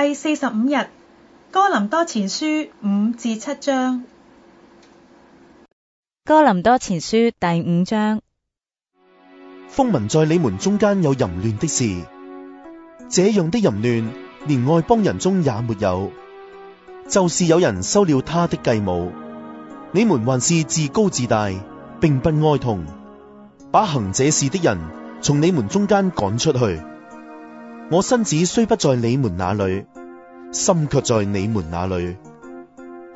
第四十五日，哥林多前書五至七章。哥林多前書第五章。風聞在你們中間有淫亂的事，這樣的淫亂連外邦人中也沒有，就是有人收了他的繼母，你們還是自高自大，並不哀痛，把行這事的人從你們中間趕出去。我身子雖不在你們那裡，心卻在你們那裡，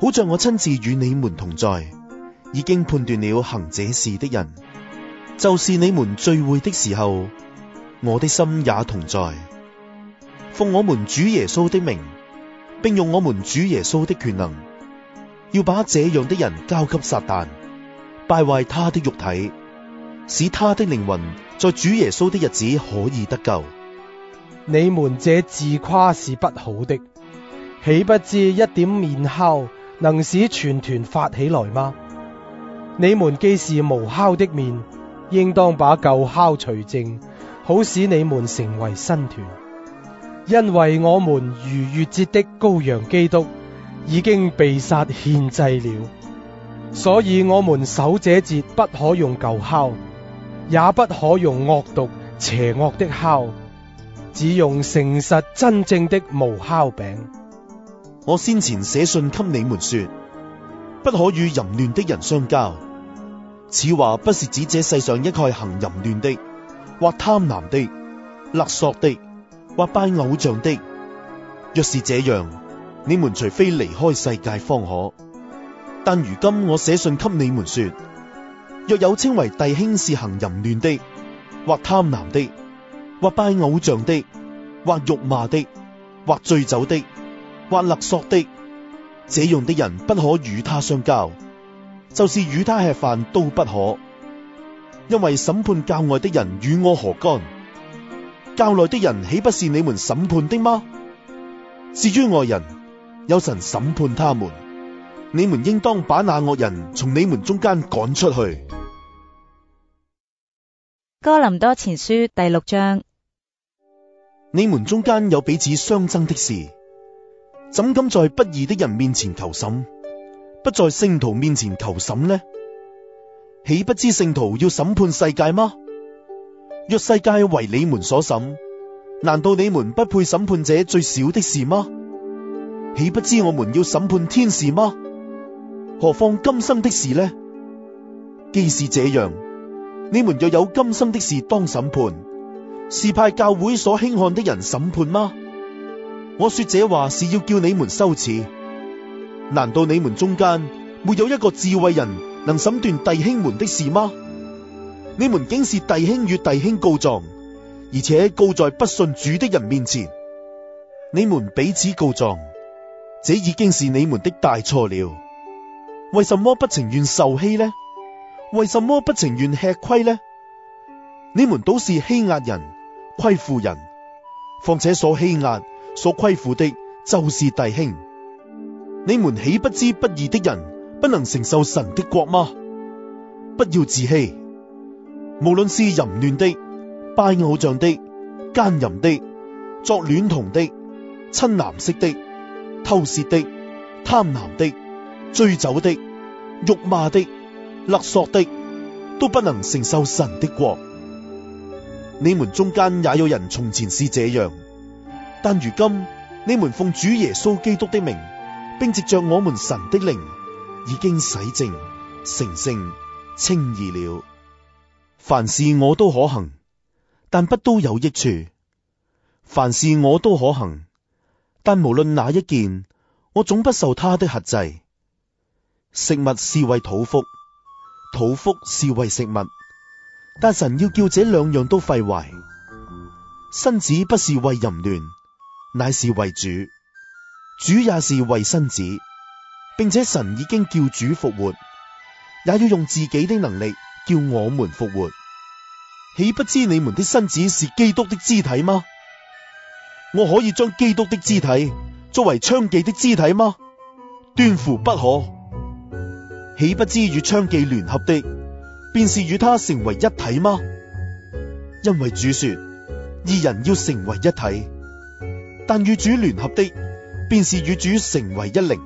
好像我親自與你們同在。已經判斷了行這事的人，就是你們聚會的時候，我的心也同在。奉我們主耶穌的名，並用我們主耶穌的權能，要把這樣的人交給撒旦，敗壞他的肉體，使他的靈魂在主耶穌的日子可以得救。你們這自誇是不好的，豈不知一點麵酵能使全團發起來嗎？你們既是無酵的麵，應當把舊酵除淨，好使你們成為新團。因為我們逾越節的羔羊基督已經被殺獻祭了，所以我們守這節不可用舊酵，也不可用惡毒邪惡的酵。只用誠實真正的無酵餅。我先前寫信給你們說，不可與淫亂的人相交。此話不是指這世上一概行淫亂的，或貪婪的，勒索的，或拜偶像的。若是這樣，你們除非離開世界方可。但如今我寫信給你們說，若有稱為弟兄是行淫亂的，或貪婪的，或拜偶像的，或辱罵的，或醉酒的，或勒索的，這樣的人不可與他相交，就是與他吃飯都不可，因為審判教外的人與我何干？教內的人豈不是你們審判的嗎？至於外人，有神審判他們，你們應當把那惡人從你們中間趕出去。哥林多前書第六章：你們中間有彼此相爭的事，怎敢在不義的人面前求審，不在聖徒面前求審呢？豈不知聖徒要審判世界嗎？若世界為你們所審，難道你們不配審判這最小的事嗎？豈不知我們要審判天使嗎？何況今生的事呢？既是這樣。你們若有今生的事當審判，是派教會所輕看的人審判嗎？我說這話是要叫你們羞恥。難道你們中間沒有一個智慧人能審斷弟兄們的事嗎？你們竟是弟兄與弟兄告狀，而且告在不信主的人面前。你們彼此告狀，這已經是你們的大錯了。為什麼不情願受欺呢？為什麼不情願吃虧呢？你們都是欺壓人、虧負人，況且所欺壓、所虧負的，就是弟兄。你們豈不知不義的人不能承受神的國嗎？不要自欺，無論是淫亂的、拜偶像的、奸淫的、作孌童的、親男色的、偷竊的、貪婪的、醉酒的、辱罵的。勒索的都不能承受神的國。你們中間也有人從前是這樣，但如今你們奉主耶穌基督的名，並藉着我們神的靈，已經洗淨、成聖、稱義了。凡事我都可行，但不都有益處；凡事我都可行，但無論哪一件，我總不受他的轄制。食物是為肚腹。肚腹是為食物，但神要叫這兩樣都廢壞。身子不是為淫亂，乃是為主；主也是為身子，並且神已經叫主復活，也要用自己的能力叫我們復活。豈不知你們的身子是基督的肢體嗎？我可以將基督的肢體作為娼妓的肢體嗎？斷乎不可。豈不知與娼妓聯合的，便是與他成為一體嗎？因為主說，二人要成為一體，但與主聯合的，便是與主成為一靈。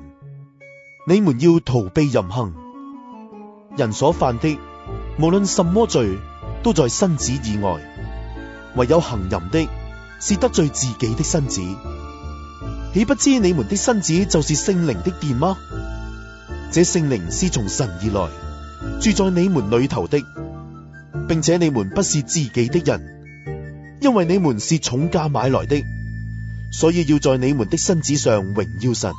你們要逃避淫行，人所犯的，無論什麼罪，都在身子以外，唯有行淫的，是得罪自己的身子。豈不知你們的身子就是聖靈的殿嗎？這聖靈是從神而來，住在你們裏頭的，並且你們不是自己的人，因為你們是重價買來的，所以要在你們的身子上榮耀神。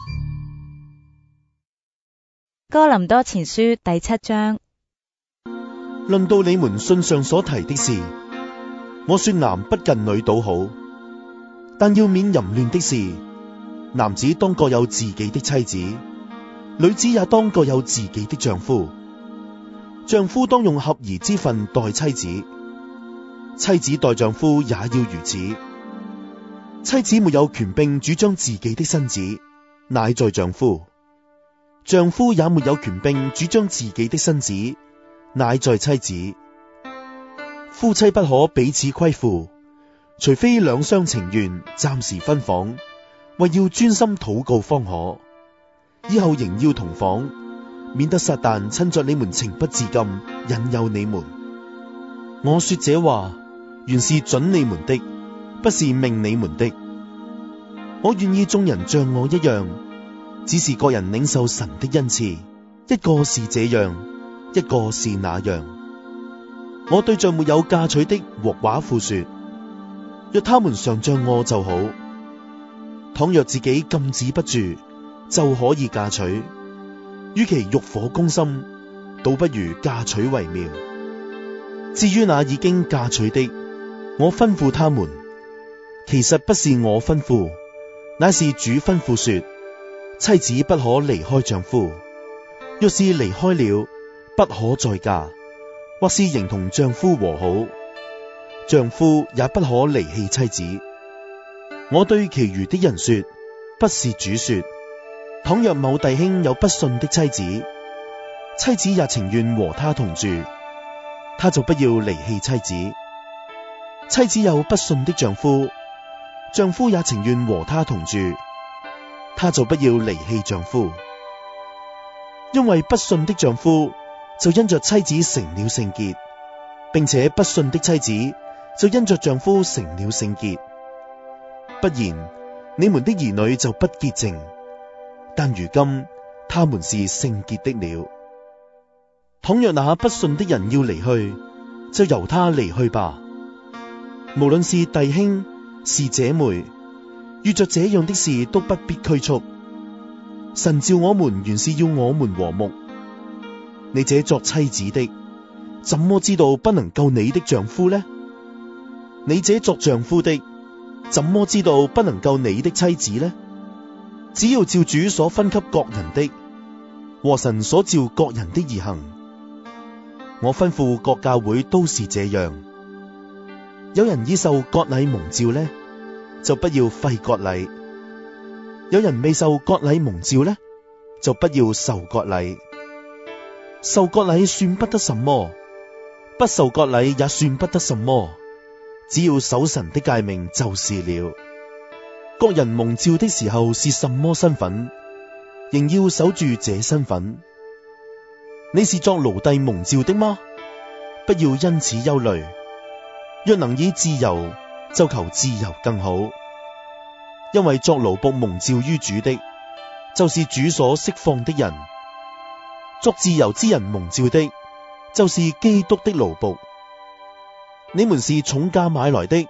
哥林多前書第七章。論到你們信上所提的事，我說男不近女倒好，但要免淫亂的事，男子當各有自己的妻子。女子也當各有自己的丈夫，丈夫當用合宜之分待妻子，妻子待丈夫也要如此。妻子沒有權柄主張自己的身子，乃在丈夫；丈夫也沒有權柄主張自己的身子，乃在妻子。夫妻不可彼此虧負，除非兩相情願，暫時分房，或要專心禱告方可。以後仍要同房，免得撒旦趁着你們情不自禁，引誘你們。我說這話，原是准你們的，不是命你們的。我願意眾人像我一樣，只是各人領受神的恩賜，一個是這樣，一個是那樣。我對著沒有嫁娶的或寡婦說：若他們常像我就好；倘若自己禁止不住，就可以嫁娶，與其欲火攻心，倒不如嫁娶為妙。至於那已經嫁娶的，我吩咐他們，其實不是我吩咐，乃是主吩咐說：妻子不可離開丈夫，若是離開了，不可再嫁；或是仍同丈夫和好，丈夫也不可離棄妻子。我對其餘的人說：不是主說。倘若某弟兄有不信的妻子，妻子也情願和他同住，他就不要離棄妻子；妻子有不信的丈夫，丈夫也情願和他同住，他就不要離棄丈夫。因為不信的丈夫就因着妻子成了聖潔，並且不信的妻子就因着丈夫成了聖潔，不然你們的兒女就不潔淨。但如今，他們是聖潔的了。倘若那不信的人要離去，就由他離去吧。無論是弟兄，是姐妹，遇着這樣的事都不必拘束。神召我們，原是要我們和睦。你這作妻子的，怎麼知道不能救你的丈夫呢？你這作丈夫的，怎麼知道不能救你的妻子呢？只要照主所分給各人的和神所照各人的而行，我吩咐各教會都是這樣。有人已受割禮蒙召呢，就不要廢割禮；有人未受割禮蒙召呢，就不要受割禮。受割禮算不得什麼，不受割禮也算不得什麼。只要守神的誡命就是了。各人蒙召的時候是什麼身份，仍要守住這身份。你是作奴隸蒙召的嗎？不要因此憂慮。若能以自由，就求自由更好。因為作奴僕蒙召於主的，就是主所釋放的人；作自由之人蒙召的，就是基督的奴僕。你們是重價買來的，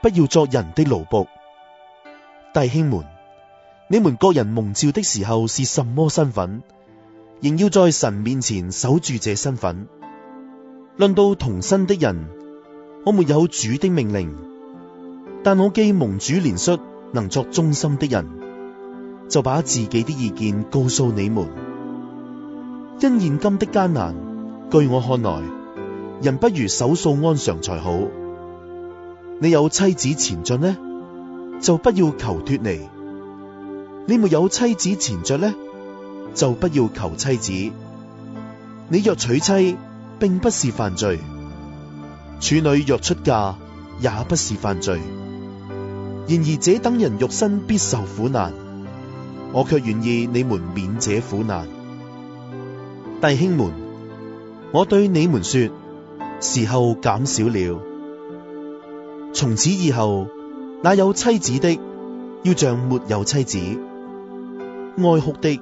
不要作人的奴僕。弟兄們，你們各人蒙召的時候是什麼身份，仍要在神面前守住這身份。論到童身的人，我沒有主的命令，但我既蒙主憐恤，能作忠心的人，就把自己的意見告訴你們。因現今的艱難，據我看來，人不如守素安常才好。你有妻子前進呢？就不要求脫離。你沒有妻子纏着呢，就不要求妻子。你若娶妻，並不是犯罪；處女若出嫁，也不是犯罪。然而這等人肉身必受苦難，我却願意你們免這苦難。弟兄們，我對你們說，時候減少了，從此以後。那有妻子的，要像沒有妻子；哀哭的，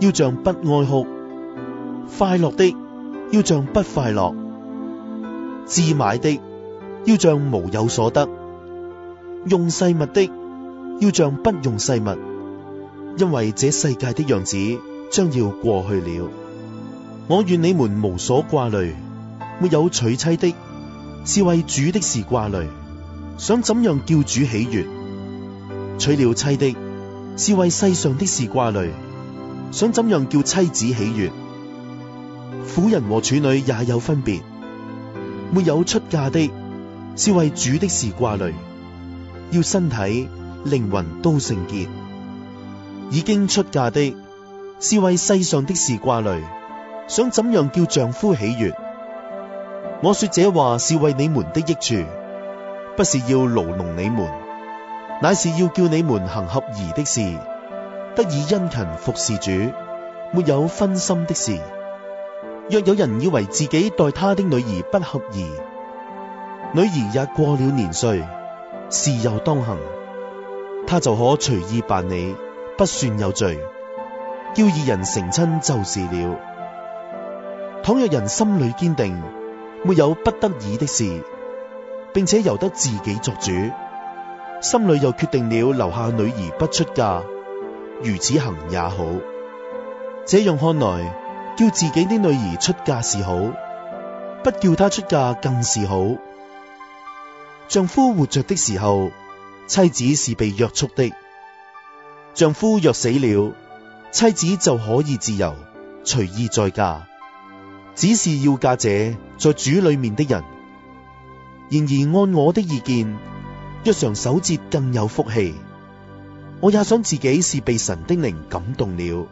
要像不哀哭；快樂的，要像不快樂；自買的，要像無有所得；用世物的，要像不用世物。因為這世界的樣子將要過去了。我願你們無所掛慮，沒有娶妻的，是為主的事掛慮。想怎樣叫主喜悦？娶了妻的，是為世上的事掛慮；想怎樣叫妻子喜悦？婦人和處女也有分別。沒有出嫁的，是為主的事掛慮；要身體、靈魂都聖潔。已經出嫁的，是為世上的事掛慮。想怎樣叫丈夫喜悦？我說這話是為你們的益處。不是要牢籠你們，乃是要叫你們行合宜的事，得以殷勤服侍主，沒有分心的事。若有人以為自己待他的女兒不合宜，女兒也過了年歲，事又當行，他就可隨意辦理，不算有罪。要二人成親就是了。倘若人心裏堅定，沒有不得已的事。並且由得自己作主，心裏又決定了留下女兒不出嫁，如此行也好。這樣看來，叫自己的女兒出嫁是好，不叫她出嫁更是好。丈夫活着的時候，妻子是被約束的；丈夫若死了，妻子就可以自由，隨意再嫁，只是要嫁者在主裏面的人。然而，按我的意見，若常守節更有福氣，我也想自己是被神的靈感動了。